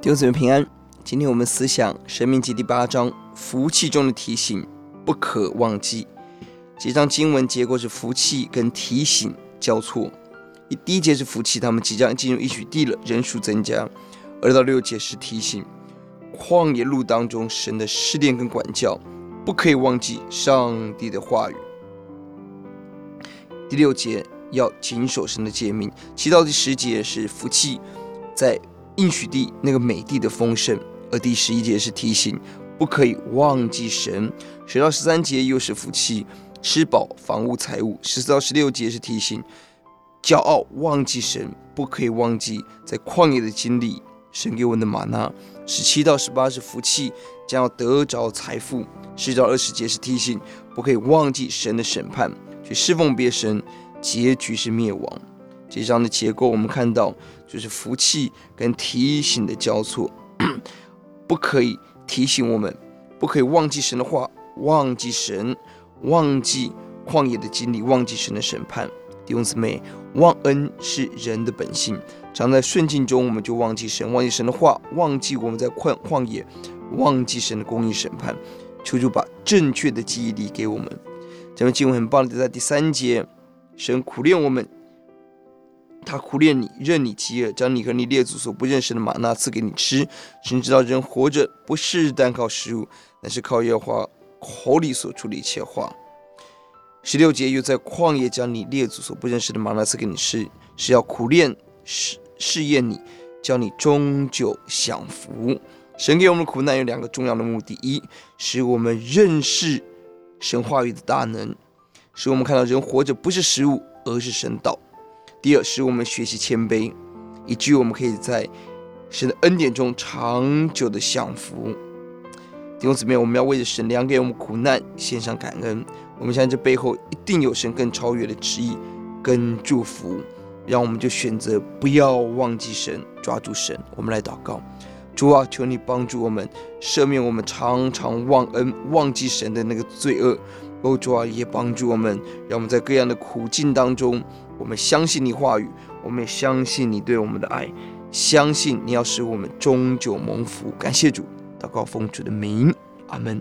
弟子們平安，今天我們思想《申命記》第八章，福氣中的提醒不可忘記。這章經文結構是福氣跟提醒交錯。一第一節是福氣，他們即將進入應許地了，人數增加。二到六節是提醒，曠野路當中神的試煉跟管教，不可以忘記上帝的話語。第六節要謹守神的誡命，七到第十節是福氣，在。應許地那個美地的豐盛，而第十一節是提醒，不可以忘記神；十到十三節又是福氣，吃飽、房屋、財物；十四到十六節是提醒驕傲、忘記神，不可以忘記在曠野的經歷，神給我們的嗎哪；十七到十八是福氣，將要得着財富；十到二十節是提醒，不可以忘記神的審判，去事奉別神，結局是滅亡。這一章的結構，我們看到就是福氣跟提醒的交錯，不可以提醒我們，不可以忘記神的話，忘記神，忘記曠野的經歷，忘記神的審判。弟兄姊妹，忘恩是人的本性，常在順境中，我們就忘記神，忘記神的話，忘記我們在曠曠野，忘記神的公義審判。求主把正確的記憶力給我們。這篇經文很棒的，在第三節，神苦練我們。他苦煉你，任你飢餓，將你和你列祖所不認識的嗎哪賜給你吃。神知道人活着不是單靠食物，乃是靠耶和華口裡所出的一切話。十六節又在曠野將你列祖所不認識的嗎哪賜給你吃，是要苦煉、試試驗你，叫你終久享福。神給我們苦難有兩個重要的目的：一，使我們認識神話語的大能；使我們看到人活着不是食物，而是神道。第二，使我們學習謙卑，以至於我們可以在神的恩典中長久的享福。因此，姊妹，我們要為着神量給我們苦難，獻上感恩。我們相信這背後一定有神更超越的旨意跟祝福。讓我們就選擇不要忘記神，抓住神。我們來禱告：主啊，求你幫助我們赦免我們常常忘恩、忘記神的那個罪惡。求主啊，也幫助我們，讓我們在各樣的苦境當中，我們相信你話語，我們也相信你對我們的愛，相信你要使我們終久蒙福。感謝主，禱告奉主的名，阿門。